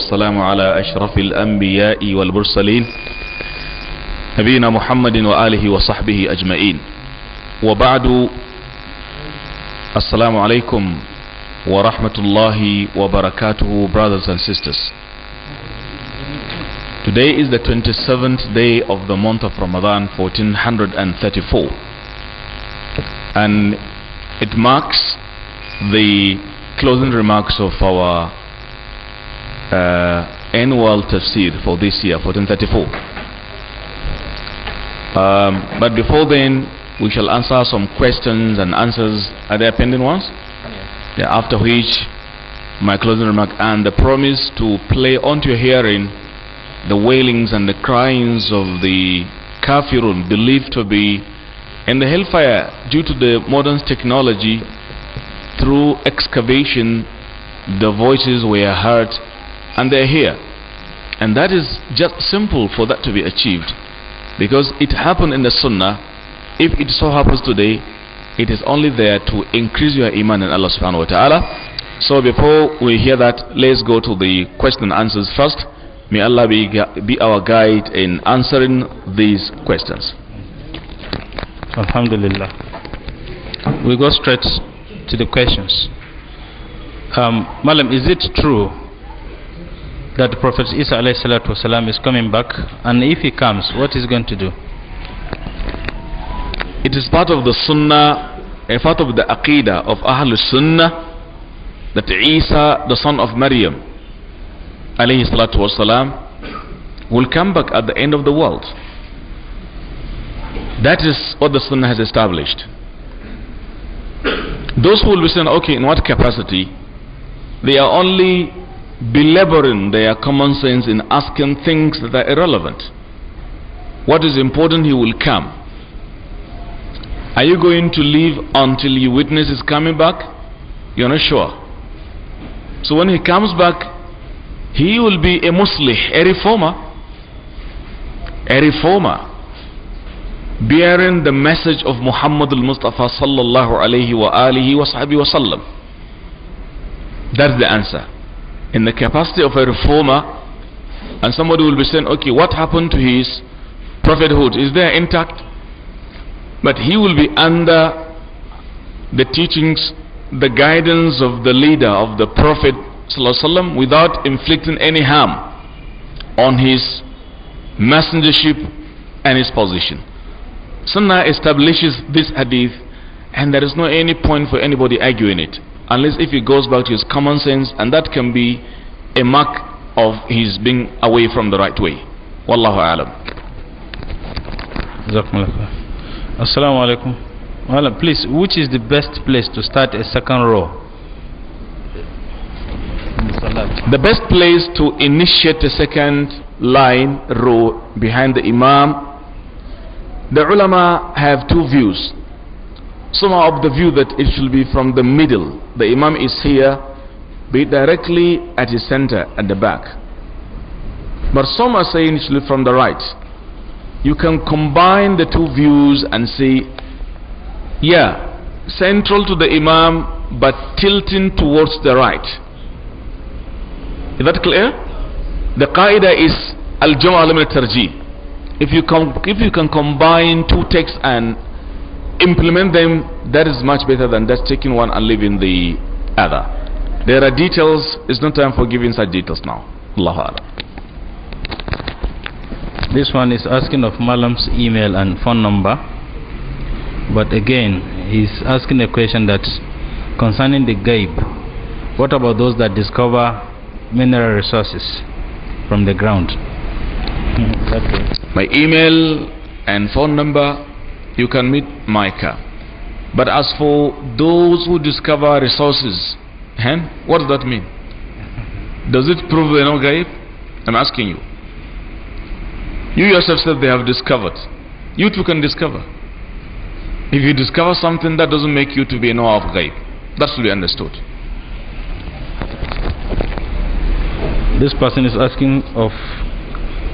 والسلام على أشرف الأنبياء والمرسلين نبينا محمد وآله وصحبه أجمعين وبعد السلام عليكم ورحمة الله وبركاته brothers and sisters Today is the 27th day of the month of Ramadan 1434 and it marks the closing remarks of our uh, annual tafsir for this year, 1434. Um, but before then, we shall answer some questions and answers. Are there pending ones? yeah, after which, my closing remark and the promise to play onto your hearing the wailings and the cryings of the kafirun believed to be in the hellfire due to the modern technology through excavation the voices were heard and they're here. And that is just simple for that to be achieved because it happened in the Sunnah. If it so happens today, it is only there to increase your iman in Allah subhanahu wa ta'ala. So before we hear that, let's go to the question and answers first. May Allah be, be our guide in answering these questions. Alhamdulillah. We go straight to the questions. Um, Malam, is it true that Prophet Isa والسلام, is coming back, and if he comes, what is going to do? It is part of the Sunnah, a part of the Aqidah of Ahlul Sunnah that Isa, the son of Maryam, alayhi will come back at the end of the world. That is what the Sunnah has established. Those who will be saying, okay, in what capacity? They are only belaboring their common sense in asking things that are irrelevant. What is important, he will come. Are you going to live until you witness his coming back? You're not sure. So when he comes back, he will be a Muslim, a reformer. A reformer. Bearing the message of Muhammad al-Mustafa sallallahu alayhi wa alihi wa sahbihi wa sallam. That's the answer in the capacity of a reformer and somebody will be saying okay what happened to his prophethood is there intact but he will be under the teachings the guidance of the leader of the prophet ﷺ without inflicting any harm on his messengership and his position sunnah establishes this hadith and there is no any point for anybody arguing it unless if he goes back to his common sense and that can be a mark of his being away from the right way wallahu alam assalamu alaikum well, please which is the best place to start a second row the best place to initiate a second line row behind the imam the ulama have two views some are of the view that it should be from the middle. The Imam is here, be directly at his center, at the back. But some are saying it should be from the right. You can combine the two views and say, yeah, central to the Imam, but tilting towards the right. Is that clear? The qaida is al-Jama'al al-Tarjih. If you, if you can combine two texts and implement them, that is much better than just taking one and leaving the other. There are details, it's not time for giving such details now. Allahu This one is asking of Malam's email and phone number. But again, he's asking a question that concerning the gaib. What about those that discover mineral resources from the ground? Hmm, My email and phone number you can meet Micah. But as for those who discover resources, hen, what does that mean? Does it prove they know Gaib? I'm asking you. You yourself said they have discovered. You too can discover. If you discover something, that doesn't make you to be a knower of Gaib. That should be understood. This person is asking of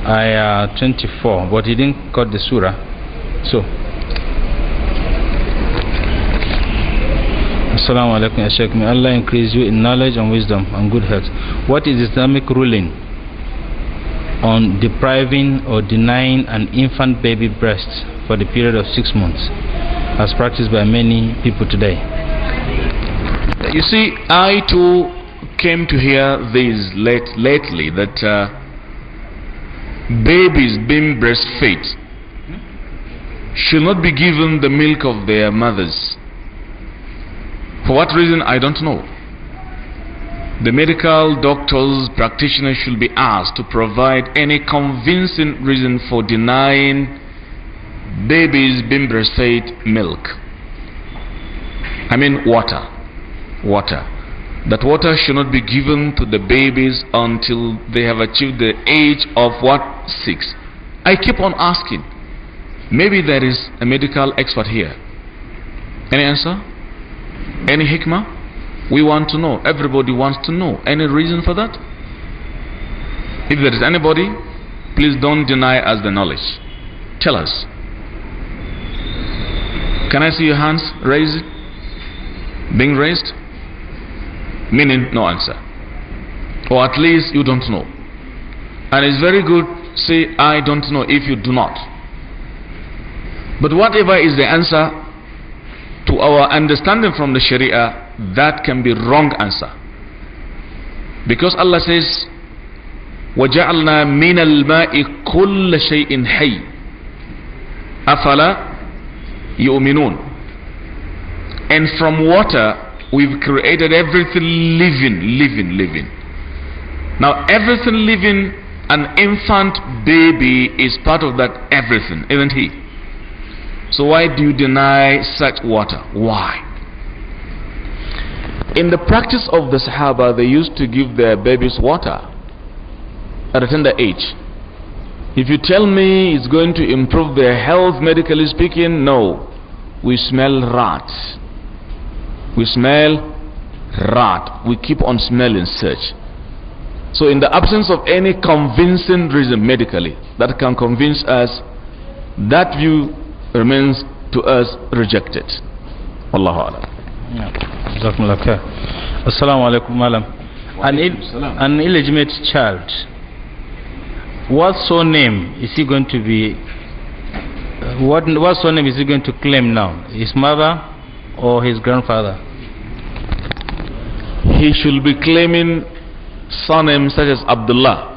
Ayah 24, but he didn't cut the surah. So, Assalamu alaikum, Ya May Allah increase you in knowledge and wisdom and good health. What is Islamic ruling on depriving or denying an infant baby breast for the period of six months, as practiced by many people today? You see, I too came to hear this late, lately that uh, babies being breastfed should not be given the milk of their mothers for what reason, I don't know. The medical doctors, practitioners should be asked to provide any convincing reason for denying babies being breastfed milk. I mean water. Water. That water should not be given to the babies until they have achieved the age of what? Six. I keep on asking. Maybe there is a medical expert here. Any answer? Any hikmah? We want to know. Everybody wants to know. Any reason for that? If there is anybody, please don't deny us the knowledge. Tell us. Can I see your hands raised? Being raised? Meaning no answer. Or at least you don't know. And it's very good say I don't know if you do not. But whatever is the answer, to our understanding from the Sharia, that can be wrong answer. Because Allah says, وَجَعَلْنَا مِنَ الْمَاءِ كُلَّ شَيْءٍ حَيٍّ أَفَلَا يُؤْمِنُونَ And from water, we've created everything living, living, living. Now, everything living, an infant baby is part of that everything, isn't he? So why do you deny such water? Why? In the practice of the Sahaba, they used to give their babies water at a tender age. If you tell me it's going to improve their health, medically speaking, no. We smell rats. We smell rat. We keep on smelling such. So, in the absence of any convincing reason medically that can convince us, that view remains to us rejected. Allahu Akbar. Yeah. Assalamu alaikum, madam. an illegitimate child, what surname is he going to be? Uh, what, what surname is he going to claim now? His mother or his grandfather? He should be claiming surname such as Abdullah.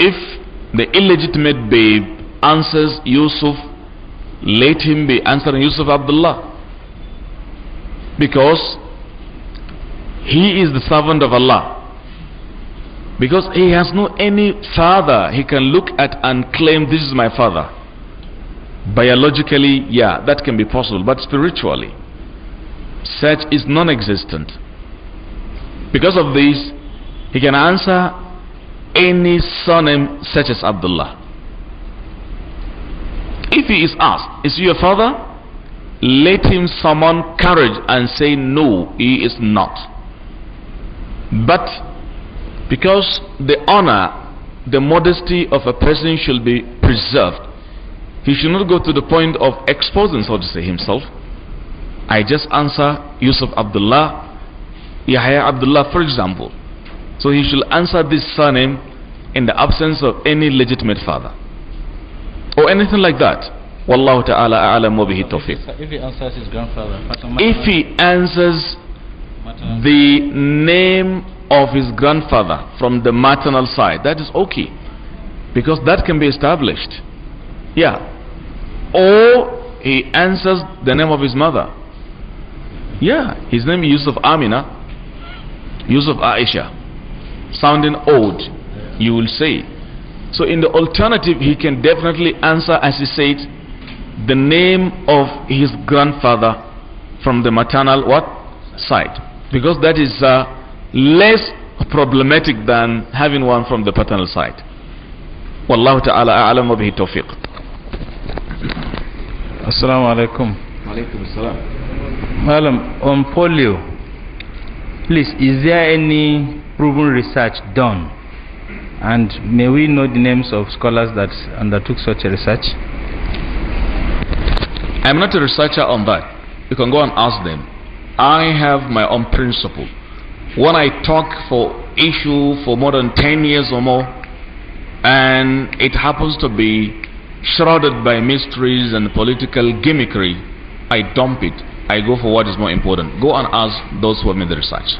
If the illegitimate babe answers Yusuf, let him be answering Yusuf Abdullah. Because he is the servant of Allah. Because he has no any father he can look at and claim this is my father. Biologically, yeah, that can be possible. But spiritually, such is non-existent. Because of this, he can answer any surname such as Abdullah. If he is asked, Is he your father? Let him summon courage and say, No, he is not. But because the honor, the modesty of a person should be preserved, he should not go to the point of exposing, so to say, himself. I just answer Yusuf Abdullah, Yahya Abdullah, for example. So he should answer this surname in the absence of any legitimate father or anything like that. Wallahu ta'ala a'lam wa bihi tawfiq. If he answers his grandfather. If he answers the name of his grandfather from the maternal side, that is okay. Because that can be established. Yeah. Or he answers the name of his mother. Yeah, his name is Yusuf Amina, Yusuf Aisha. Sounding old, you will say. So in the alternative, he can definitely answer, as he said, the name of his grandfather from the maternal what side, because that is uh, less problematic than having one from the paternal side. والله تعالى أعلم وبه التوفيق السلام عليكم وعليكم Madam, on polio, please, is there any proven research done and may we know the names of scholars that undertook such a research? I'm not a researcher on that. You can go and ask them. I have my own principle. When I talk for issue for more than 10 years or more, and it happens to be shrouded by mysteries and political gimmickry, I dump it. I go for what is more important. Go and ask those who have made the research.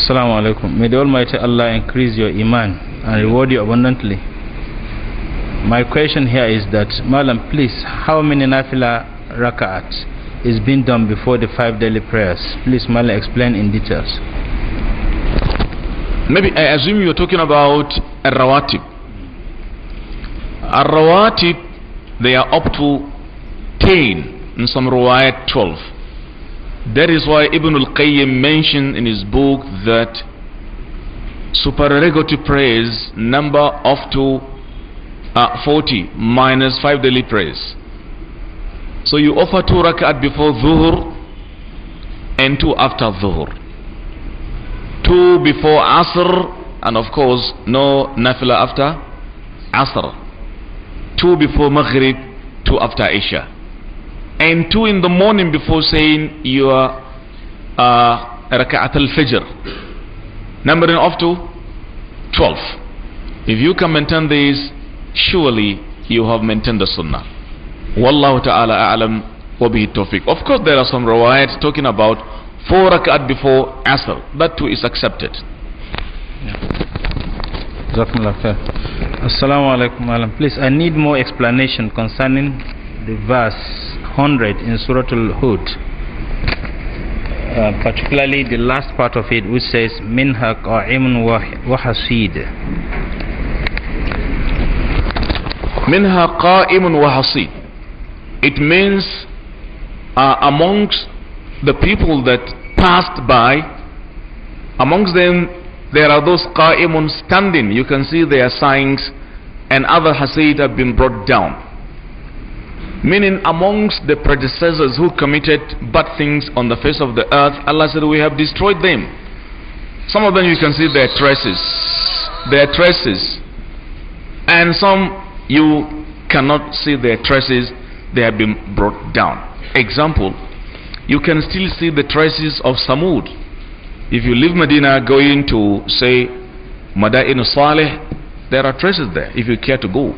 Assalamu alaikum. May the Almighty Allah increase your iman and reward you abundantly. My question here is that, Malam, please, how many nafila raka'at is being done before the five daily prayers? Please, Malam, explain in details. Maybe I assume you're talking about a rawatib A rawatib they are up to 10, in some riwayat 12. That is why Ibn al-Qayyim mentioned in his book that supererogatory prayers number up to uh, 40 minus 5 daily prayers. So you offer 2 rak'at before dhuhr and 2 after dhuhr. 2 before asr and of course no nafila after asr. 2 before maghrib, 2 after isha and two in the morning before saying your uh, raka'at al-fajr. Numbering off to 12. If you can maintain this, surely you have maintained the sunnah. Wallahu ta'ala a'lam wa bihi tawfiq. Of course there are some riwayat talking about four rak'at before asr. That too is accepted. Assalamu alaikum Please, I need more explanation concerning the verse 100 in Surah Al-Hud, uh, particularly the last part of it, which says, Minha qa'imun wa hasid. Minha qa'imun wa hasid. It means uh, amongst the people that passed by, amongst them there are those qa'imun standing. You can see their signs and other hasid have been brought down. Meaning amongst the predecessors who committed bad things on the face of the earth, Allah said, we have destroyed them. Some of them you can see their traces. Their traces. And some you cannot see their traces. They have been brought down. Example, you can still see the traces of Samud. If you leave Medina going to, say, Madain Saleh, there are traces there if you care to go.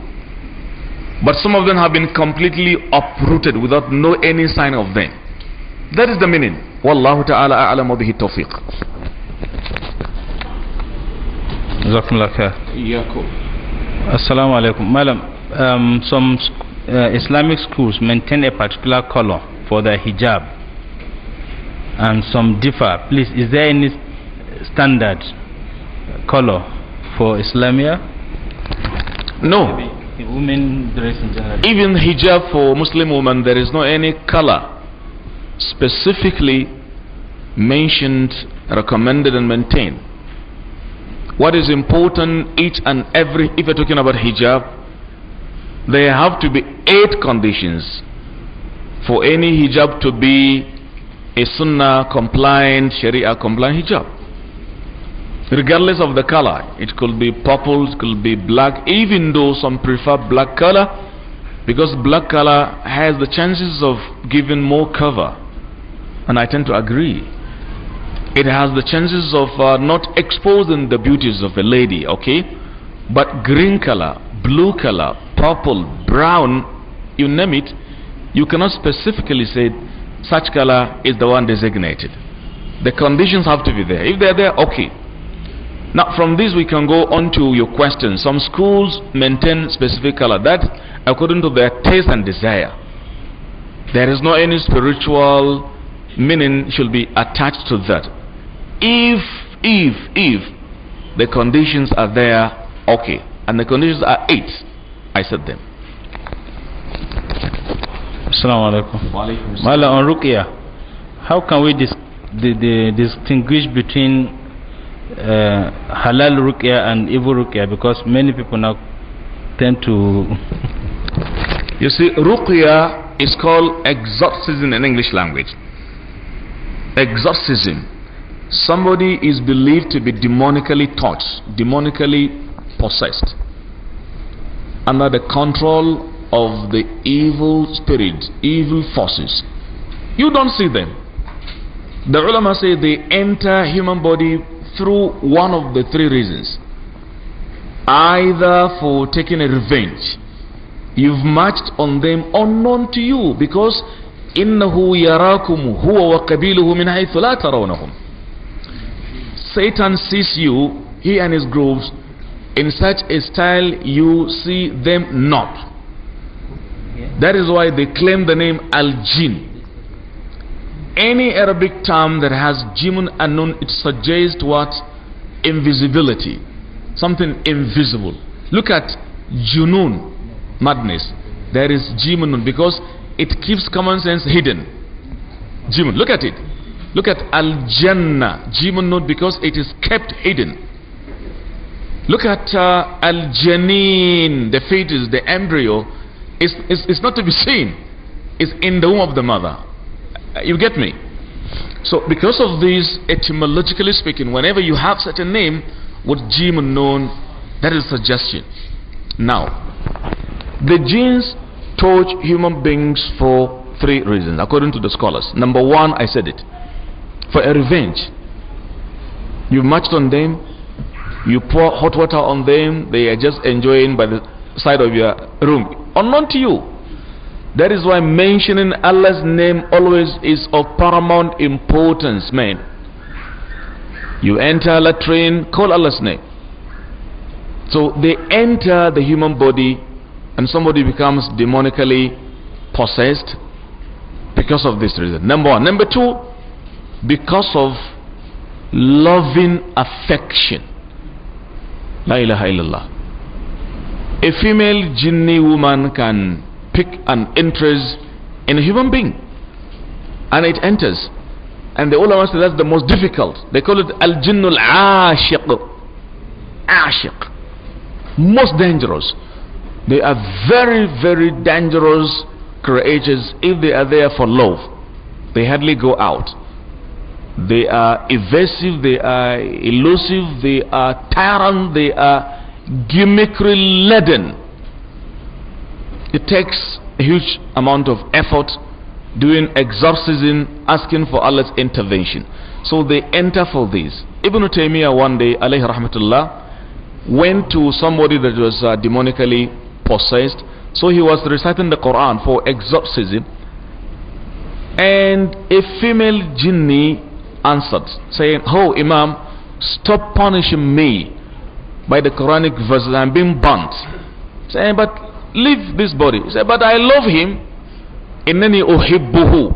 But some of them have been completely uprooted without no any sign of them. That is the meaning. Wallahu ta'ala a'lamu bihi tawfiq. Assalamu alaikum. Madam, um, some uh, Islamic schools maintain a particular color for their hijab and some differ. Please, is there any standard color for Islamia? No. Maybe women dress in general. Even hijab for Muslim women, there is no any color specifically mentioned, recommended, and maintained. What is important, each and every, if you're talking about hijab, there have to be eight conditions for any hijab to be a sunnah compliant, sharia compliant hijab regardless of the color. It could be purple, it could be black, even though some prefer black color because black color has the chances of giving more cover. And I tend to agree. It has the chances of uh, not exposing the beauties of a lady, okay? But green color, blue color, purple, brown, you name it, you cannot specifically say such color is the one designated. The conditions have to be there. If they're there, okay. Now, from this we can go on to your question. Some schools maintain specific color. That according to their taste and desire. There is no any spiritual meaning should be attached to that. If, if, if the conditions are there, okay. And the conditions are eight. I said them. Assalamu alaikum. Mala on Rukia, how can we dis the, the distinguish between uh, halal rukia and evil rukia, because many people now tend to you see rukia is called exorcism in english language exorcism somebody is believed to be demonically touched demonically possessed under the control of the evil spirit evil forces you don't see them the ulama say they enter human body through one of the three reasons either for taking a revenge you've marched on them unknown to you because إنه يراكم هو وقبيله من حيث لا ترونهم Satan sees you he and his groups in such a style you see them not that is why they claim the name al-jinn any Arabic term that has jimun and nun, it suggests what? Invisibility. Something invisible. Look at junun, madness. There is jimun because it keeps common sense hidden. Jimun, look at it. Look at Al Jannah, Jimun nun because it is kept hidden. Look at uh, Al Janin, the fetus, the embryo. It's, it's, it's not to be seen. It's in the womb of the mother. Uh, you get me? So because of these, etymologically speaking, whenever you have such a name with jim known, that is a suggestion. Now, the genes touch human beings for three reasons, according to the scholars. Number one, I said it, for a revenge. You marched on them, you pour hot water on them, they are just enjoying by the side of your room, unknown to you. That is why mentioning Allah's name always is of paramount importance, man. You enter a latrine, call Allah's name. So they enter the human body and somebody becomes demonically possessed because of this reason. Number one. Number two, because of loving affection. La ilaha illallah. A female jinni woman can pick an interest in a human being and it enters and the ulama say that's the most difficult they call it al-jinnul ashiq ashiq most dangerous they are very very dangerous creatures if they are there for love they hardly go out they are evasive they are elusive they are tyrant they are gimmickry laden it takes a huge amount of effort doing exorcism, asking for Allah's intervention. So they enter for this. Ibn Taymiyyah one day, alayhi rahmatullah, went to somebody that was uh, demonically possessed. So he was reciting the Quran for exorcism. And a female jinni answered, saying, Oh, Imam, stop punishing me by the Quranic verses. I'm being burnt. Saying, but Leave this body. He said, But I love him. Innani uhibbuhu.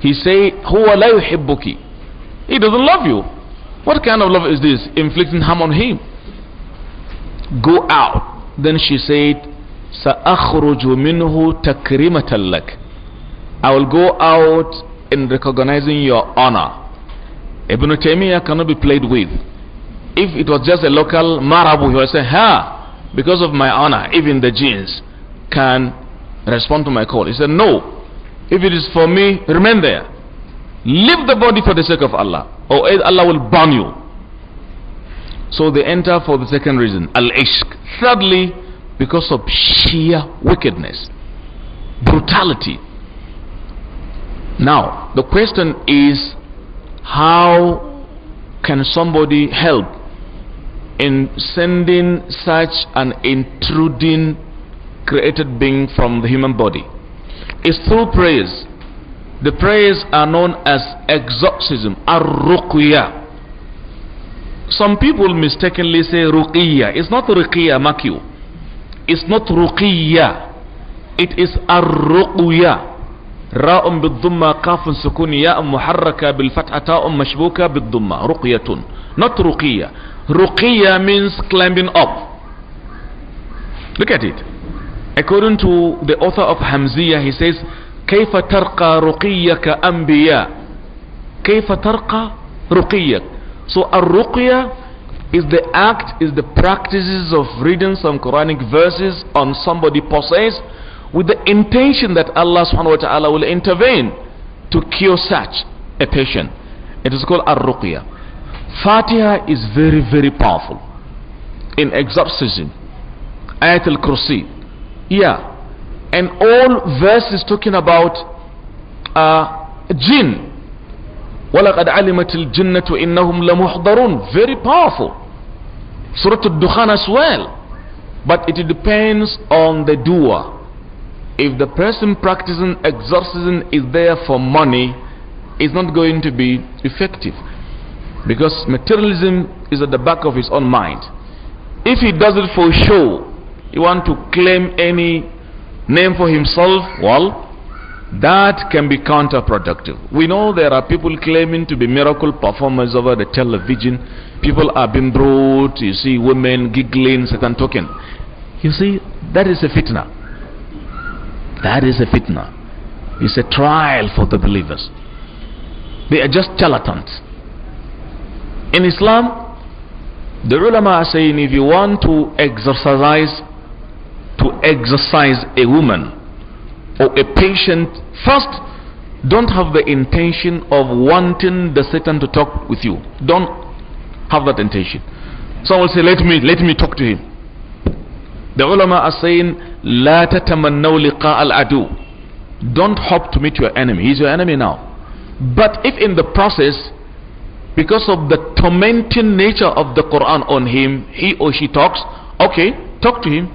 He said, Huwa la yuhibbuki. He doesn't love you. What kind of love is this? Inflicting harm on him. Go out. Then she said, سأخرج minhu تكريمة لك. I will go out in recognizing your honor. Ibn Taymiyyah cannot be played with. If it was just a local Marabu, he would say, Ha! because of my honor, even the jinns can respond to my call. He said, No. If it is for me, remain there. Leave the body for the sake of Allah, or Allah will burn you. So they enter for the second reason, al ishq. Thirdly, because of sheer wickedness, brutality. Now, the question is how can somebody help in sending such an intruding created being from the human body is through prayers. The prayers are known as exorcism, ar-ruqya. Some people mistakenly say ruqya. It's not ruqya, mark you. It's not ruqya. It is ar-ruqya. راء بالضمة قاف سكون ياء محركة بالفتحة تاء not رقية Ruqiyya means climbing up. Look at it. According to the author of Hamziah, he says, كيف ترقى رقيك أنبياء كيف ترقى رقيك So الرقية is the act, is the practices of reading some Quranic verses on somebody possessed with the intention that Allah subhanahu wa ta'ala will intervene to cure such a patient. It is called a ruqya Fatiha is very, very powerful. In exorcism, Ayatul Kursi, yeah. And all verses talking about uh, jinn. وَلَقَدْ عَلِمَتِ الْجِنَّةُ إِنَّهُمْ لَمُحْضَرُونَ Very powerful. Surah Al-Dukhan as well. But it depends on the doer. If the person practicing exorcism is there for money, it's not going to be effective. Because materialism is at the back of his own mind. If he does it for show, he want to claim any name for himself, well, that can be counterproductive. We know there are people claiming to be miracle performers over the television. People are being brought, you see women giggling, certain talking. You see, that is a fitna. That is a fitna. It's a trial for the believers. They are just charlatans. In Islam, the ulama are saying if you want to exercise, to exercise a woman or a patient, first, don't have the intention of wanting the Satan to talk with you. Don't have that intention. Someone will say, let me, let me talk to him. The ulama are saying, لا liqa al العدو. Don't hope to meet your enemy. He's your enemy now. But if in the process because of the tormenting nature of the Quran on him, he or she talks, okay, talk to him,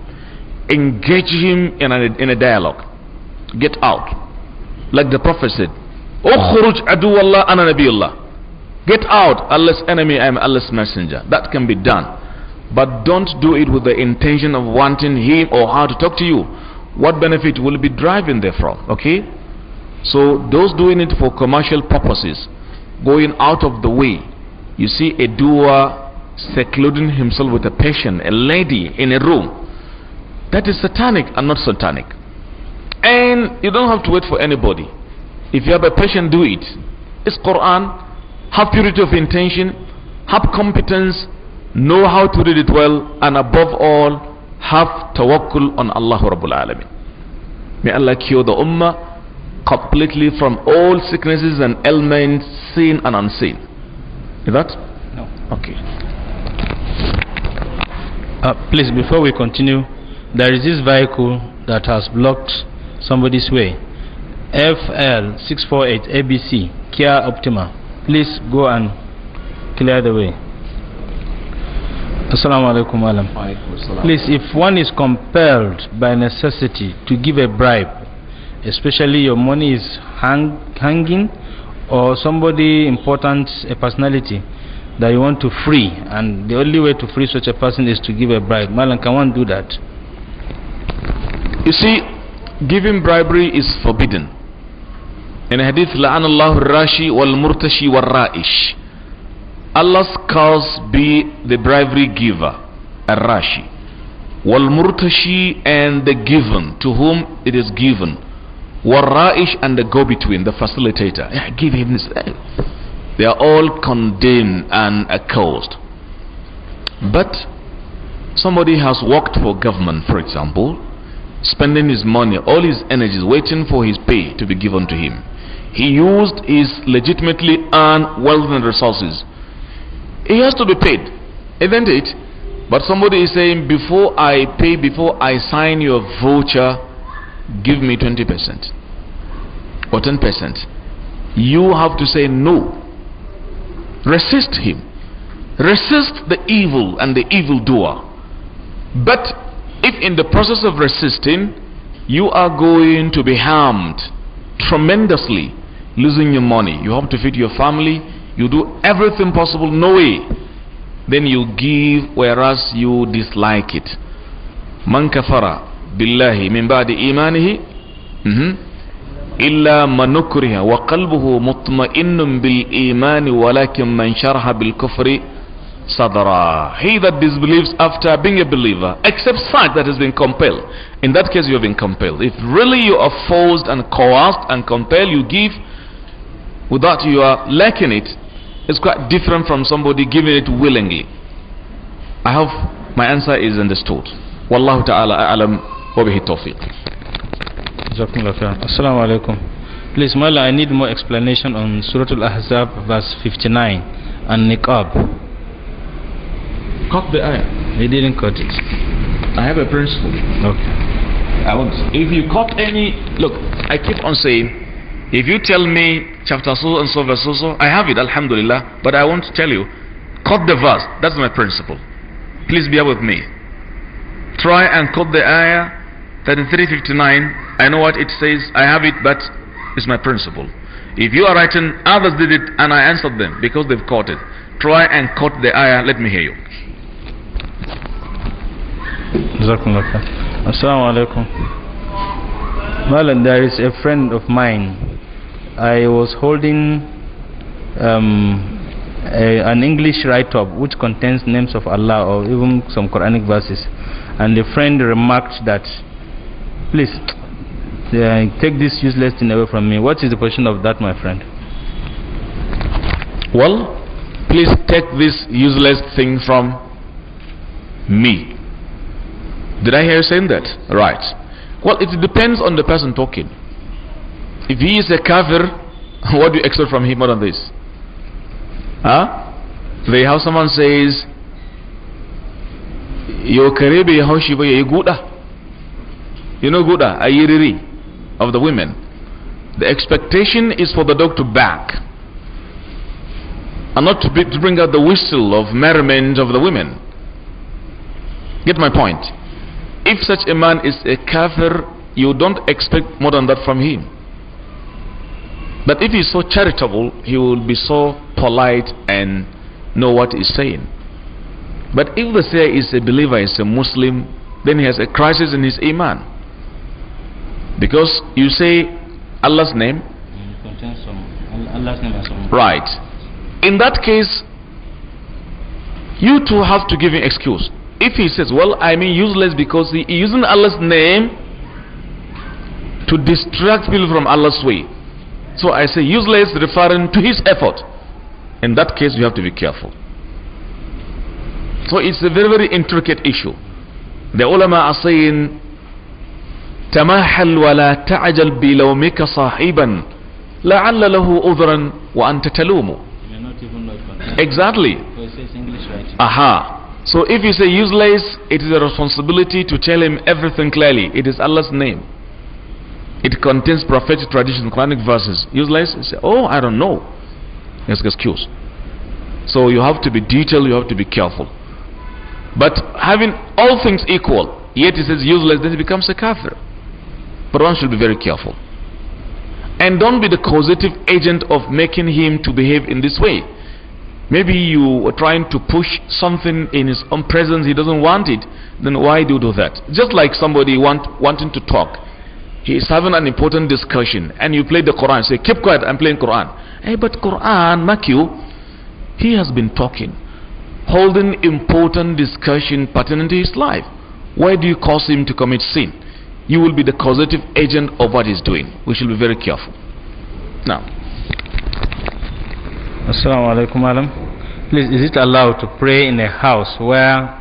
engage him in a, in a dialogue. Get out. Like the Prophet said, Ukhruj aduwallah ana nabiyullah. Get out, Allah's enemy, I am Allah's messenger. That can be done. But don't do it with the intention of wanting him or her to talk to you. What benefit will be driving therefrom? Okay? So those doing it for commercial purposes, going out of the way. You see a doer secluding himself with a patient, a lady in a room. That is satanic and not satanic. And you don't have to wait for anybody. If you have a patient, do it. It's Quran. Have purity of intention, have competence, know how to read it well, and above all, have tawakkul on Allah May Allah cure the ummah completely from all sicknesses and ailments, seen and unseen. Is that? No. Okay. Uh, please, before we continue, there is this vehicle that has blocked somebody's way. FL648 ABC, Kia Optima. Please go and clear the way. Assalamu alaikum, Alam. Please, if one is compelled by necessity to give a bribe especially your money is hang, hanging or somebody important, a personality that you want to free, and the only way to free such a person is to give a bribe. Malan, can one do that? You see, giving bribery is forbidden. In hadith, لَعَنَ اللَّهُ الرَّاشِي وَالْمُرْتَشِي وَالرَّائِشِ Allah's cause be the bribery giver, a rashi wal-murtashi and the given, to whom it is given. Warra'ish and the go-between, the facilitator. Yeah, give him this. They are all condemned and accused. But somebody has worked for government, for example, spending his money, all his energies, waiting for his pay to be given to him. He used his legitimately earned wealth and resources. He has to be paid, isn't it? But somebody is saying, before I pay, before I sign your voucher, give me 20% or 10%. You have to say no. Resist him. Resist the evil and the evildoer. But if in the process of resisting, you are going to be harmed tremendously, losing your money, you have to feed your family, you do everything possible, no way. Then you give whereas you dislike it. Man kafara بالله من بعد imanihi إلا mhm, manukriha wa وقلبه مطمئن بالإيمان imani من man بالكفر bil he that disbelieves after being a believer except such that has been compelled in that case you have been compelled if really you are forced and coerced and compelled you give without you are lacking it it's quite different from somebody giving it willingly i hope my answer is understood wallahu ta'ala a'lam وبه التوفيق جزاكم الله خيرا السلام عليكم Please, Mala, I need more explanation on Surah Al-Ahzab, verse 59, and Niqab. Cut the eye. He didn't cut it. I have a principle. Okay. I want. If you cut any, look, I keep on saying, if you tell me chapter so and so verse so, so I have it, Alhamdulillah, but I won't tell you. Cut the verse. That's my principle. Please bear with me. Try and cut the ayah 3359, I know what it says, I have it, but it's my principle. If you are writing, others did it and I answered them because they've caught it. Try and cut the ayah, let me hear you. Jazakumullah. Assalamu alaikum. Malan, there is a friend of mine. I was holding um, a, an English write-up which contains names of Allah or even some Quranic verses. And the friend remarked that Please, take this useless thing away from me. What is the position of that, my friend? Well, please take this useless thing from me. Did I hear you saying that? Right. Well, it depends on the person talking. If he is a kafir, what do you expect from him more than this? Huh? They have someone says, Yo karebi ya haushi ba ya you know Guda, Ayiriri, of the women. The expectation is for the dog to bark. And not to, be, to bring out the whistle of merriment of the women. Get my point. If such a man is a kafir, you don't expect more than that from him. But if he's so charitable, he will be so polite and know what he's saying. But if the sayer is a believer, is a Muslim, then he has a crisis in his iman. Because you say Allah's name. Allah's name right. In that case, you two have to give an excuse. If he says, well, I mean useless because he using Allah's name to distract people from Allah's way. So I say useless referring to his effort. In that case, you have to be careful. So it's a very, very intricate issue. The ulama are saying تماحل ولا تعجل بلومك صاحبا لعل له عذرا وأنت تلومه Exactly. Aha. So if you say useless, it is a responsibility to tell him everything clearly. It is Allah's name. It contains prophetic tradition, Quranic verses. Useless, you say, oh, I don't know. It's excuse. So you have to be detailed, you have to be careful. But having all things equal, yet he says useless, then he becomes a kafir. But one should be very careful. And don't be the causative agent of making him to behave in this way. Maybe you are trying to push something in his own presence, he doesn't want it. Then why do you do that? Just like somebody want, wanting to talk. He is having an important discussion and you play the Quran. Say, keep quiet, I'm playing Quran. Hey, eh, but Quran, mark you, he has been talking, holding important discussion pertaining to his life. Why do you cause him to commit sin? you will be the causative agent of what he's doing. We should be very careful. Now. Assalamu alaikum, madam. Please, is it allowed to pray in a house where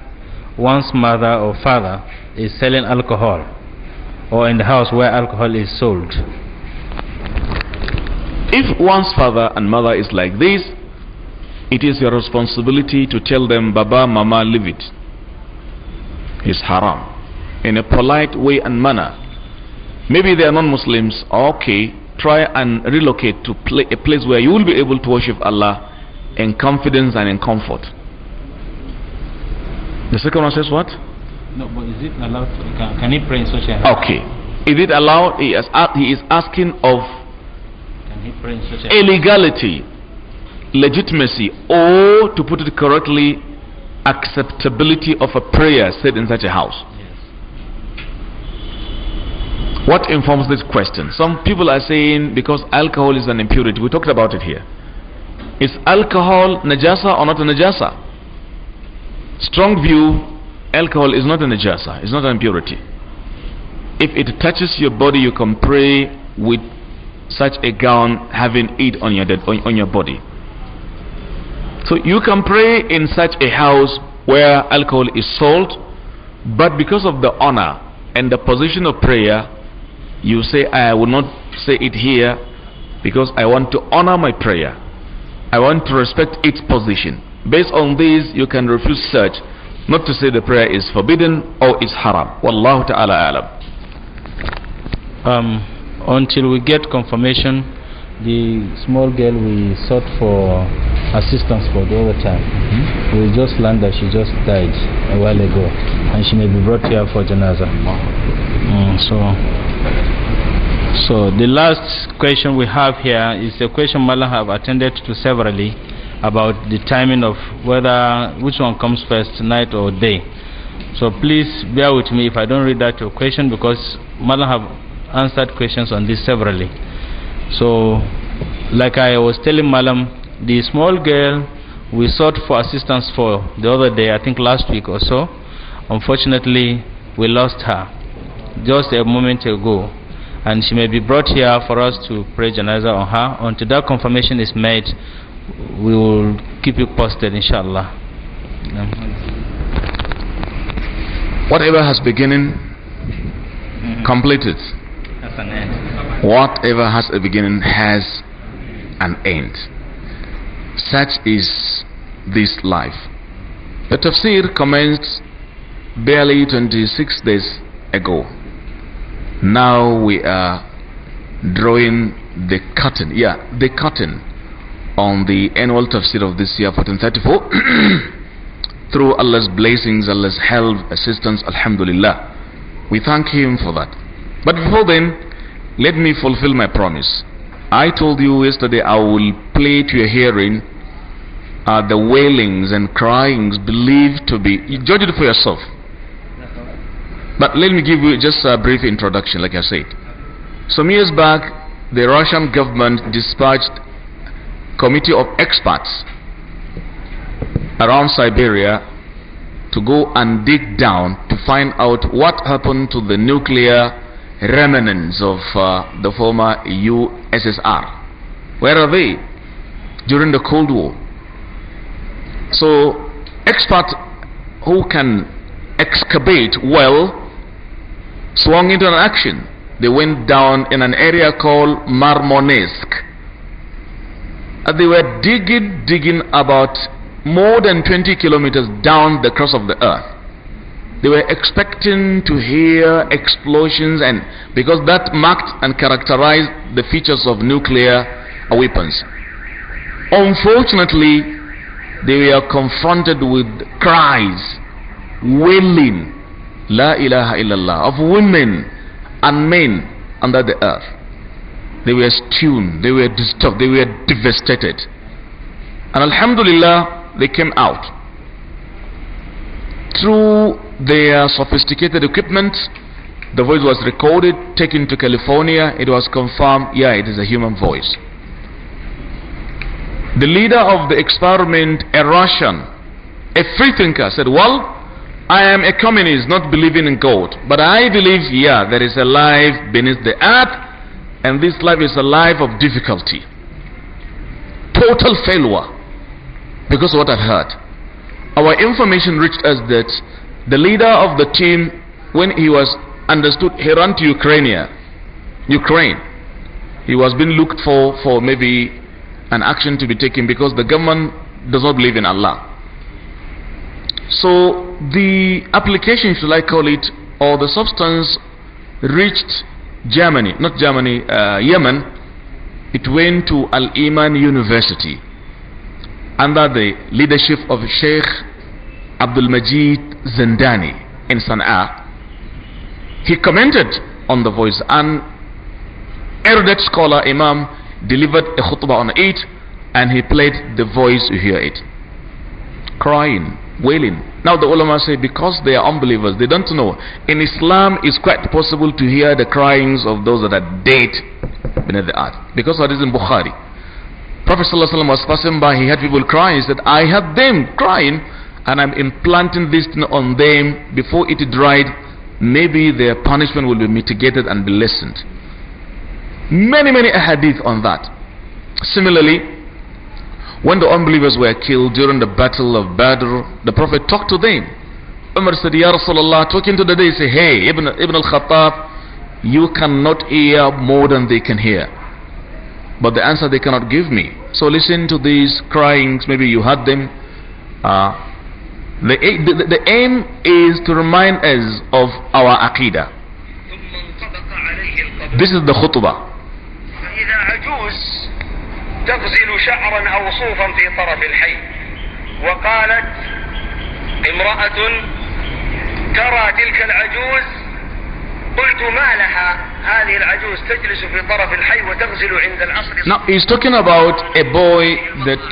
one's mother or father is selling alcohol or in the house where alcohol is sold? If one's father and mother is like this, it is your responsibility to tell them, Baba, Mama, leave it. It's haram in a polite way and manner. Maybe they are non-Muslims. Okay, try and relocate to a place where you will be able to worship Allah in confidence and in comfort. The second one says what? No, but is it allowed? To, can, can, he pray in such a? Okay, is it allowed? He he is asking of illegality, legitimacy, or to put it correctly, acceptability of a prayer said in such a house. What informs this question? Some people are saying because alcohol is an impurity. We talked about it here. Is alcohol najasa or not a najasa? Strong view, alcohol is not a najasa. It's not an impurity. If it touches your body, you can pray with such a gown having it on your, dead, on, on your body. So you can pray in such a house where alcohol is sold, but because of the honor and the position of prayer, you say, I will not say it here because I want to honor my prayer. I want to respect its position. Based on this, you can refuse search, not to say the prayer is forbidden or it's haram. Wallahu ta'ala alam. Um, until we get confirmation, the small girl we sought for assistance for the other time, mm -hmm. we just learned that she just died a while ago and she may be brought here for janaza. Mm, so so the last question we have here is a question Mala have attended to severally about the timing of whether which one comes first, night or day. So please bear with me if I don't read out your question because Mala have answered questions on this severally. So like I was telling Malam, the small girl we sought for assistance for the other day, I think last week or so. Unfortunately, we lost her just a moment ago and she may be brought here for us to pray janaza on her. Until that confirmation is made, we will keep you posted, inshallah. Whatever has beginning, mm-hmm. complete it. Whatever has a beginning has an end. Such is this life. The tafsir commenced barely 26 days ago now we are drawing the curtain yeah the curtain on the annual tafsir of this year 1434 through Allah's blessings Allah's help assistance alhamdulillah we thank him for that but before then let me fulfill my promise I told you yesterday I will play to your hearing uh, the wailings and cryings believed to be judge it for yourself but let me give you just a brief introduction, like I said. Some years back, the Russian government dispatched committee of experts around Siberia to go and dig down to find out what happened to the nuclear remnants of uh, the former USSR. Where are they? During the Cold War. So, experts who can excavate well swung into an action. They went down in an area called Marmonesk. And uh, they were digging, digging about more than 20 kilometers down the crust of the earth. They were expecting to hear explosions and because that marked and characterized the features of nuclear weapons. Unfortunately, they were confronted with cries, wailing, La ilaha illallah of women and men under the earth. They were stoned, they were disturbed, they were devastated. And Alhamdulillah, they came out. Through their sophisticated equipment, the voice was recorded, taken to California. It was confirmed, yeah, it is a human voice. The leader of the experiment, a Russian, a freethinker, said, well, I am a communist, not believing in God. But I believe, yeah, there is a life beneath the earth, and this life is a life of difficulty. Total failure. Because of what I've heard. Our information reached us that the leader of the team, when he was understood, he ran to Ukraine. Ukraine. He was being looked for for maybe an action to be taken because the government does not believe in Allah. So the application, if you like call it, or the substance reached Germany, not Germany, uh, Yemen. It went to Al-Iman University under the leadership of Sheikh Abdul Majid Zendani in Sana'a. He commented on the voice and erudite scholar Imam delivered a khutbah on it and he played the voice you hear it crying wailing. Now the ulama say because they are unbelievers, they don't know. In Islam, it's quite possible to hear the cryings of those that are dead beneath the earth. Because that is in Bukhari. Prophet ﷺ was passing by, he had people crying. He said, I have them crying and I'm implanting this thing on them before it dried. Maybe their punishment will be mitigated and be lessened. Many, many hadith on that. Similarly, when the unbelievers were killed during the battle of Badr, the Prophet talked to them. Umar said, Ya Rasulullah, talking to the day, say, Hey, Ibn, Ibn al-Khattab, you cannot hear more than they can hear. But the answer they cannot give me. So listen to these cryings, maybe you heard them. Uh, the, the, the aim is to remind us of our aqidah. This is the khutbah. تغزل شعرا أو صوفا في طرف الحي وقالت امرأة ترى تلك العجوز قلت ما لها هذه العجوز تجلس في طرف الحي وتغزل عند العصر Now he's talking about a boy that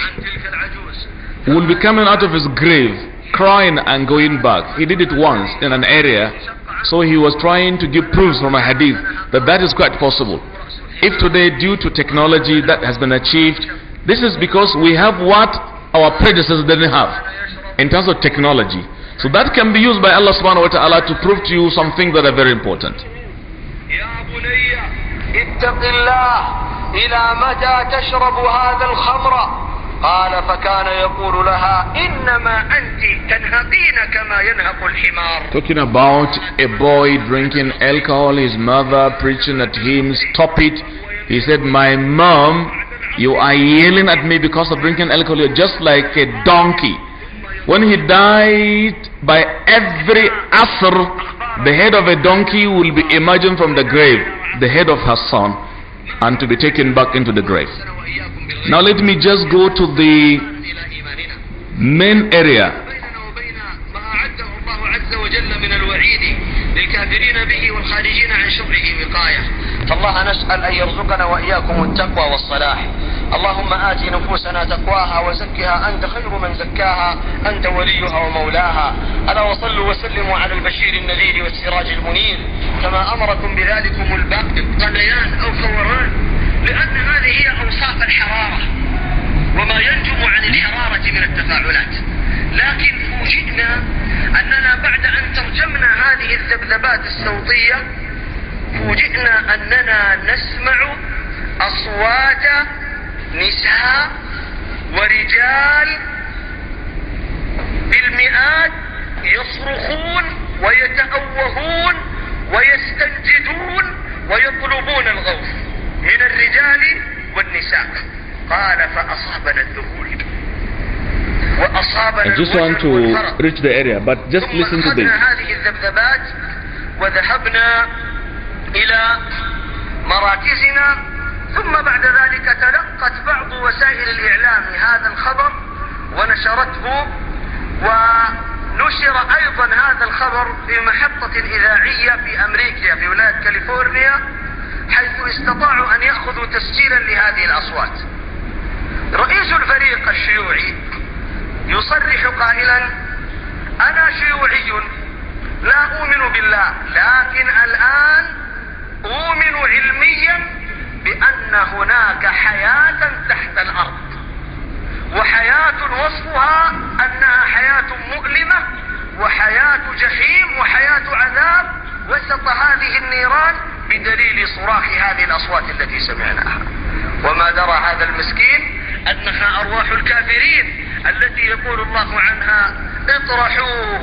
will be coming out of his grave crying and going back. He did it once in an area so he was trying to give proofs from a hadith that that is quite possible. If today, due to technology that has been achieved, this is because we have what our predecessors didn't have in terms of technology. So that can be used by Allah subhanahu wa ta'ala to prove to you some things that are very important. اتق الله إلى متى تشرب هذا الخمر قال فكان يقول لها إنما أنت تنهقين كما ينهق الحمار Talking about a boy drinking alcohol, his mother preaching at him, stop it. He said, my mom, you are yelling at me because of drinking alcohol. You're just like a donkey. When he died, by every asr, the head of a donkey will be emerging from the grave, the head of her son, and to be taken back into the grave. Now let me just go to the main area. فالله نسأل أن يرزقنا وإياكم التقوى والصلاح اللهم آت نفوسنا تقواها وزكها أنت خير من زكاها أنت وليها ومولاها ألا وصلوا وسلموا على البشير النذير والسراج المنير كما أمركم بذلكم الباب قليان أو فوران لأن هذه هي أوصاف الحرارة وما ينجم عن الحرارة من التفاعلات لكن فوجئنا أننا بعد أن ترجمنا هذه الذبذبات الصوتية فوجئنا أننا نسمع أصوات نساء ورجال بالمئات يصرخون ويتأوهون ويستنجدون ويطلبون الغوث من الرجال والنساء قال فأصابنا الذهول وأصابنا I just want to reach the area but just listen to this هذه الذبذبات وذهبنا إلى مراكزنا ثم بعد ذلك تلقت بعض وسائل الإعلام هذا الخبر ونشرته ونشر أيضا هذا الخبر في محطة إذاعية في أمريكا في ولاية كاليفورنيا حيث استطاعوا أن يأخذوا تسجيلا لهذه الأصوات رئيس الفريق الشيوعي يصرح قائلا أنا شيوعي لا أؤمن بالله لكن الآن أؤمن علميا بأن هناك حياة تحت الأرض وحياة وصفها أنها حياة مؤلمة وحياة جحيم وحياة عذاب وسط هذه النيران بدليل صراخ هذه الأصوات التي سمعناها وما درى هذا المسكين أنها أرواح الكافرين التي يقول الله عنها اطرحوا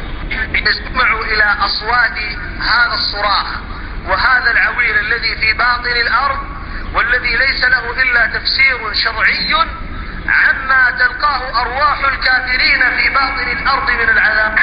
اسمعوا إلى أصوات هذا الصراخ وهذا العويل الذي في باطن الأرض والذي ليس له إلا تفسير شرعي عما تلقاه أرواح الكافرين في باطن الأرض من العذاب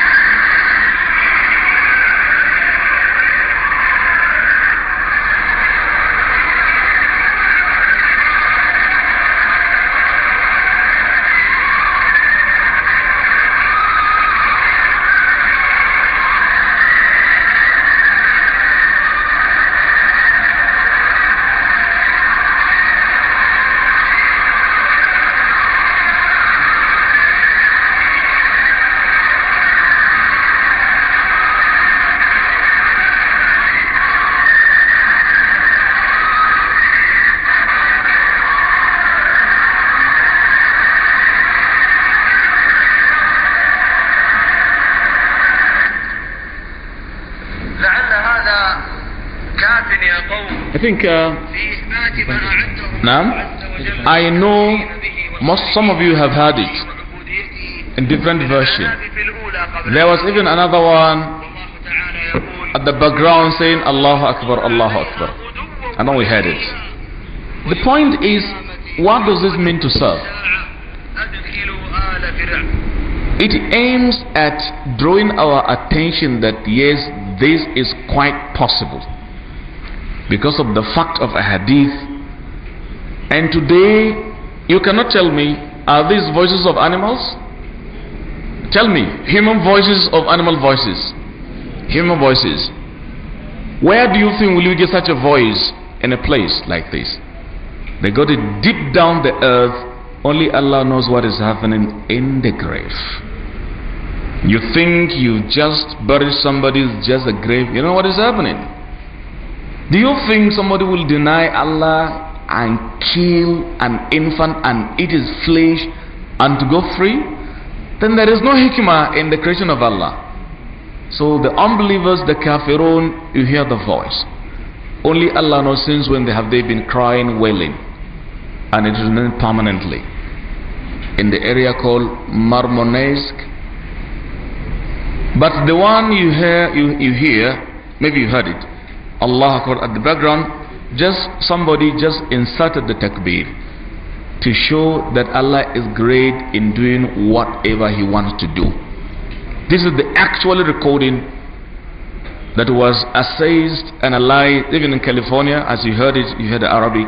I think. Uh, I know most, some of you have heard it in different version. There was even another one at the background saying Allahu Akbar, Allahu Akbar. I know we heard it. The point is, what does this mean to serve? It aims at drawing our attention that yes, this is quite possible because of the fact of a hadith. And today, you cannot tell me, are these voices of animals? Tell me, human voices of animal voices? Human voices. Where do you think will you get such a voice in a place like this? They got it deep down the earth. Only Allah knows what is happening in the grave. You think you just buried somebody's just a grave. You know what is happening? Do you think somebody will deny Allah and kill an infant and eat his flesh and to go free? Then there is no hikmah in the creation of Allah. So the unbelievers, the kafirun, you hear the voice. Only Allah knows since when they have they been crying, wailing. And it remains permanently. In the area called Marmonesk. But the one you hear, you, you hear, maybe you heard it. Allah Akbar at the background, just somebody just inserted the takbir to show that Allah is great in doing whatever He wants to do. This is the actual recording that was assessed, alive, even in California, as you heard it, you heard Arabic,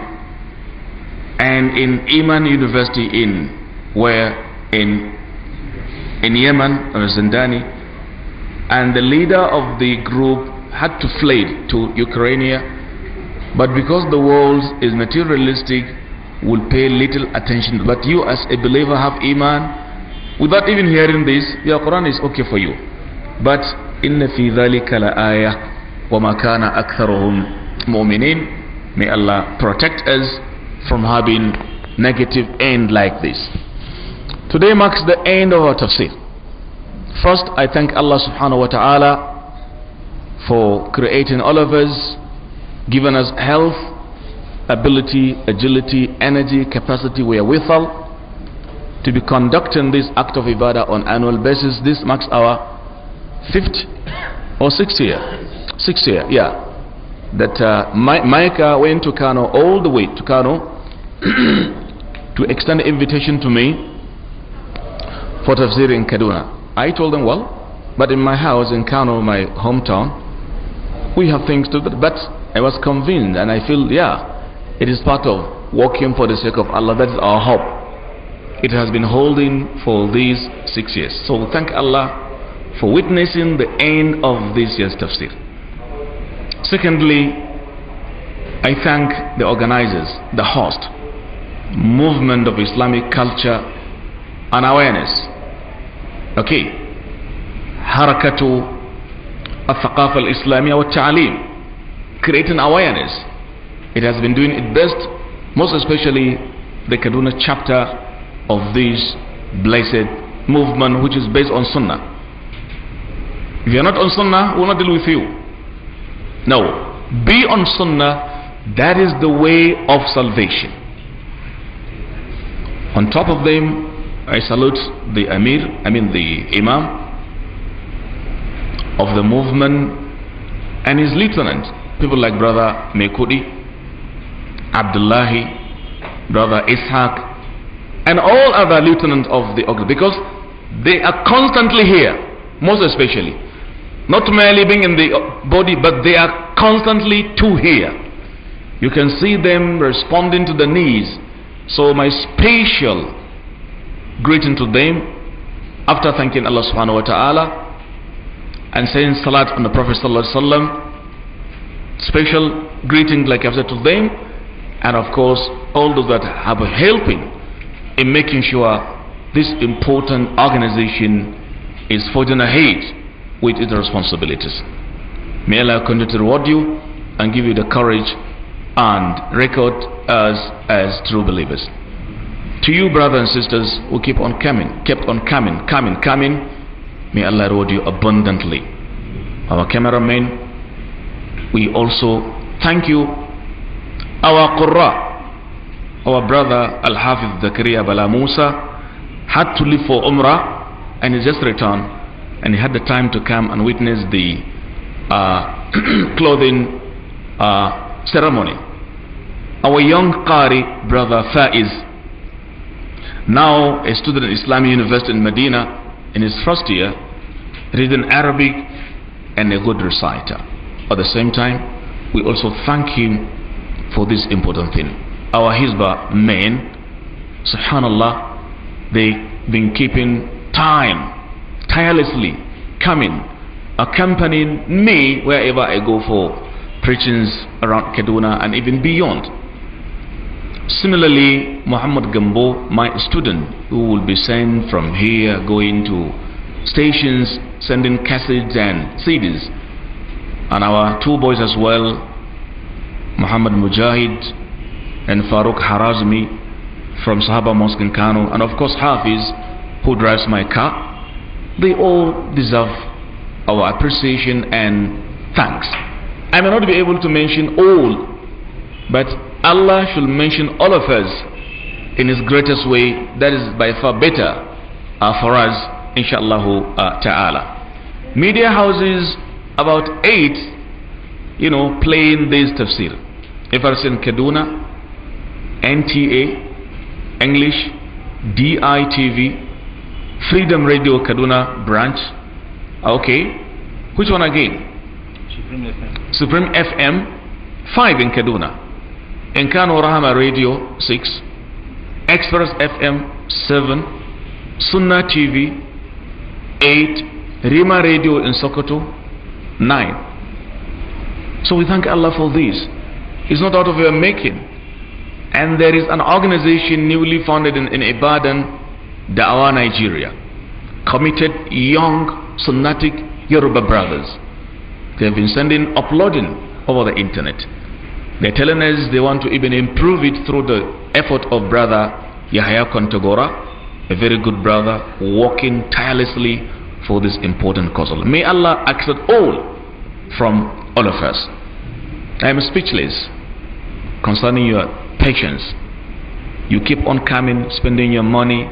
and in Iman University in where in in Yemen, or Zindani, and the leader of the group had to flee to Ukraine, but because the world is materialistic, will pay little attention. But you, as a believer, have iman. Without even hearing this, your Quran is okay for you. But inna fi dhalika la ayah wa ma kana aktharuhum mu'minin. May Allah protect us from having negative end like this. Today marks the end of our tafsir. First, I thank Allah subhanahu wa ta'ala for creating all of us, giving us health, ability, agility, energy, capacity, wherewithal to be conducting this act of ibadah on annual basis. This marks our fifth or sixth year. Sixth year, yeah. That uh, Ma Micah went to Kano all the way to Kano to extend invitation to me for tafsir in Kaduna. I told them, well, but in my house in Kano, my hometown, we have things to do. But I was convinced and I feel, yeah, it is part of working for the sake of Allah. That is our hope. It has been holding for these six years. So thank Allah for witnessing the end of this year's tafsir. Secondly, I thank the organizers, the host, movement of Islamic culture and awareness. Okay, Harakatu الثقافة الإسلامية والتعليم create awareness it has been doing its best most especially the Kaduna chapter of this blessed movement which is based on Sunnah if you are not on Sunnah we will not deal with you no be on Sunnah that is the way of salvation on top of them I salute the Amir I mean the Imam of the movement and his lieutenant, people like Brother Mekudi, Abdullahi, Brother Ishaq, and all other lieutenants of the organization because they are constantly here, most especially. Not merely being in the body, but they are constantly too here. You can see them responding to the needs. So my special greeting to them after thanking Allah subhanahu wa ta'ala and saying salat on the Prophet ﷺ, special greeting like I've said to them, and of course all those that have been helping in making sure this important organization is forging ahead with its responsibilities. May Allah continue to reward you and give you the courage and record us as true believers. To you, brothers and sisters, who keep on coming, kept on coming, coming, coming May Allah reward you abundantly. Our cameramen, we also thank you. Our Qurra, our brother Al-Hafiz Zakaria Bala Musa, had to leave for Umrah and he just returned and he had the time to come and witness the uh, clothing uh, ceremony. Our young Qari brother Faiz, now a student at Islamic University in Medina, in his first year, reading Arabic and a good reciter. At the same time, we also thank him for this important thing. Our Hizbah men, subhanallah, they've been keeping time, tirelessly coming, accompanying me wherever I go for preachings around Kaduna and even beyond. Similarly, Muhammad Gambo, my student, who will be sent from here, going to stations, sending cassettes and CDs, and our two boys as well, Muhammad Mujahid and Farouk Harazmi from Sahaba Mosque in Kano, and of course Hafiz, who drives my car. They all deserve our appreciation and thanks. I may not be able to mention all, but Allah should mention all of us in his greatest way that is by far better uh, for us inshallah uh, ta'ala media houses about eight you know playing this tafsir if I in Kaduna NTA English DITV Freedom Radio Kaduna branch ah, okay which one again Supreme FM, Supreme FM 5 in Kaduna Enkano Rahama Radio 6, Express FM 7, Sunna TV 8, Rima Radio in Sokoto 9. So we thank Allah for this. It's not out of your making. And there is an organization newly founded in, in Ibadan, Da'wa Nigeria, committed young Sunnatic Yoruba brothers. They have been sending, uploading over the internet. They're telling us they want to even improve it through the effort of brother Yahya Kontagora, a very good brother, working tirelessly for this important cause. May Allah accept all from all of us. I am speechless concerning your patience. You keep on coming, spending your money.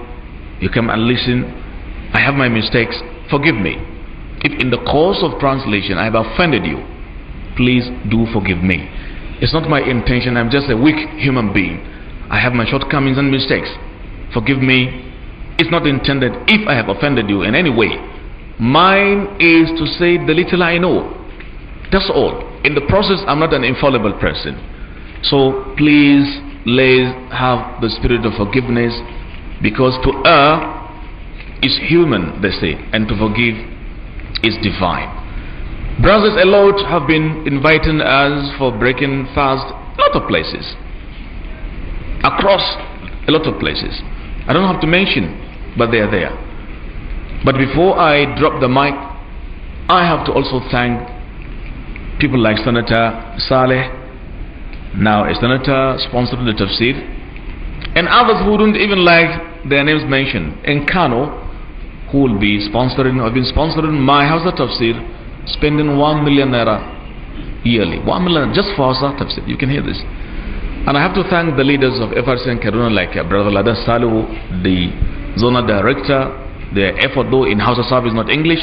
You come and listen. I have my mistakes. Forgive me. If in the course of translation I have offended you, please do forgive me. It's not my intention. I'm just a weak human being. I have my shortcomings and mistakes. Forgive me. It's not intended if I have offended you in any way. Mine is to say the little I know. That's all. In the process, I'm not an infallible person. So please, let's have the spirit of forgiveness because to err is human, they say, and to forgive is divine. Brothers a lot have been inviting us for breaking fast a lot of places. Across a lot of places. I don't have to mention, but they are there. But before I drop the mic, I have to also thank people like Senator Saleh, now a senator sponsoring the tafsir, and others who don't even like their names mentioned. And Kano, who will be sponsoring or been sponsoring my house of tafsir spending 1 million naira yearly. 1 million just for Hausa tafsir. You can hear this. And I have to thank the leaders of FRC and Kaduna like uh, Brother Ladan Salu, the Zona Director, their effort though in Hausa service, not English.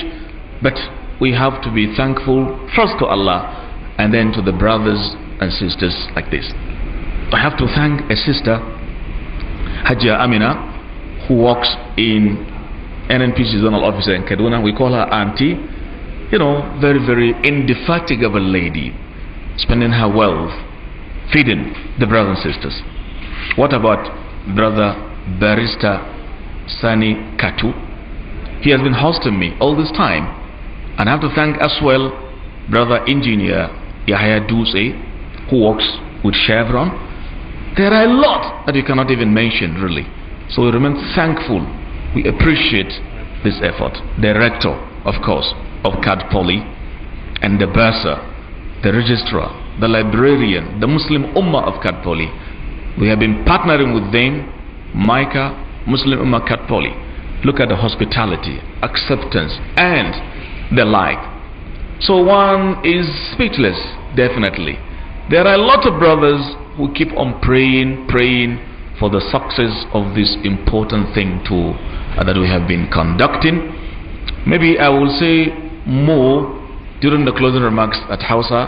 But we have to be thankful first to Allah and then to the brothers and sisters like this. I have to thank a sister, Hajia Amina, who works in NNPC Zonal Officer in Kaduna. We call her Auntie you know, very, very indefatigable lady, spending her wealth feeding the brothers and sisters. What about brother barrister Sani Katu? He has been hosting me all this time. And I have to thank as well brother engineer Yahya Duse, who works with Chevron. There are a lot that you cannot even mention, really. So we remain thankful. We appreciate this effort. Director, of course of Kad and the bursar, the registrar, the librarian, the Muslim Ummah of Kad We have been partnering with them, Micah, Muslim Ummah Kad Look at the hospitality, acceptance, and the like. So one is speechless, definitely. There are a lot of brothers who keep on praying, praying for the success of this important thing too uh, that we have been conducting. Maybe I will say more during the closing remarks at Hausa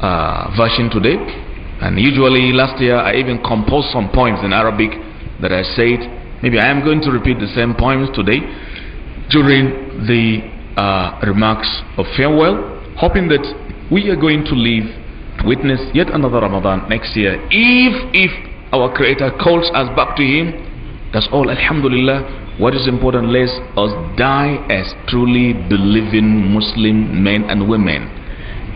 uh, version today. And usually last year I even composed some poems in Arabic that I said. Maybe I am going to repeat the same poems today during the uh, remarks of farewell, hoping that we are going to live witness yet another Ramadan next year. If if our Creator calls us back to Him, that's all. Alhamdulillah. What is important, let us die as truly believing Muslim men and women.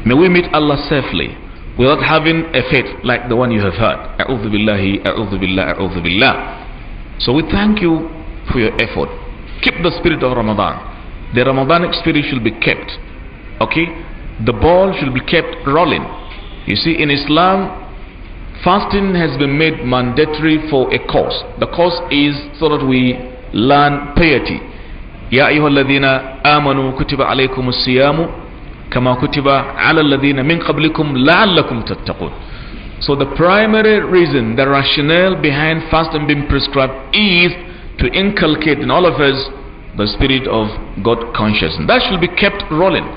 May we meet Allah safely without having a faith like the one you have heard. A'udhu billahi, a'udhu billah, a'udhu billah. So we thank you for your effort. Keep the spirit of Ramadan. The Ramadanic spirit should be kept. Okay? The ball should be kept rolling. You see, in Islam, fasting has been made mandatory for a cause. The cause is so that we learn piety. يا أيها الذين آمنوا كتب عليكم الصيام كما كتب على الذين من قبلكم لعلكم So the primary reason, the rationale behind fasting being prescribed is to inculcate in all of us the spirit of God consciousness. That should be kept rolling.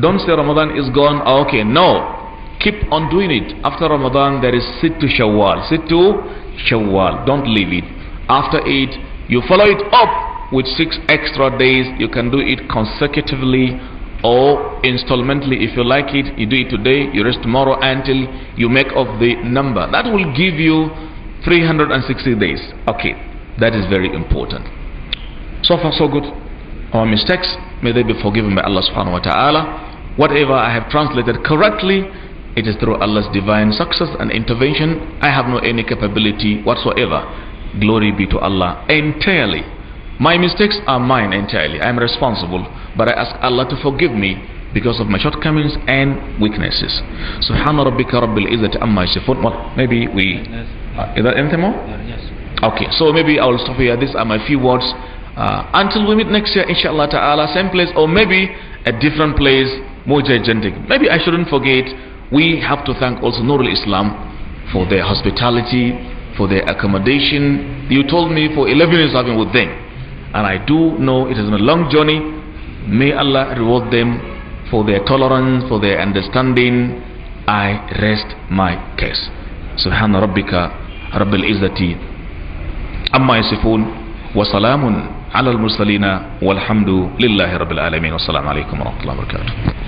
Don't say Ramadan is gone. Oh, okay, no. Keep on doing it. After Ramadan, there is sit to Shawwal. Sit to Shawwal. Don't leave it. After it, you follow it up with six extra days. You can do it consecutively or installmentally if you like it. You do it today, you rest tomorrow until you make up the number. That will give you 360 days. Okay, that is very important. So far, so good. Our mistakes, may they be forgiven by Allah subhanahu wa ta'ala. Whatever I have translated correctly, it is through Allah's divine success and intervention. I have no any capability whatsoever. Glory be to Allah entirely. My mistakes are mine entirely. I am responsible. But I ask Allah to forgive me because of my shortcomings and weaknesses. Subhanallah. rabbika rabbil izzati amma yasifun. Well, maybe we... Uh, is there anything more? Okay, so maybe I will stop here. These are my few words. Uh, until we meet next year, inshallah ta'ala, same place or maybe a different place, more gigantic. Maybe I shouldn't forget, we have to thank also Nurul Islam for their hospitality, for their accommodation. You told me for 11 years I've been with them. And I do know it is a long journey. May Allah reward them for their tolerance, for their understanding. I rest my case. Subhana rabbika rabbil izzati amma yasifun wa salamun ala al-mursalina walhamdu lillahi rabbil alamin wa salamu alaykum wa rahmatullahi wa barakatuh.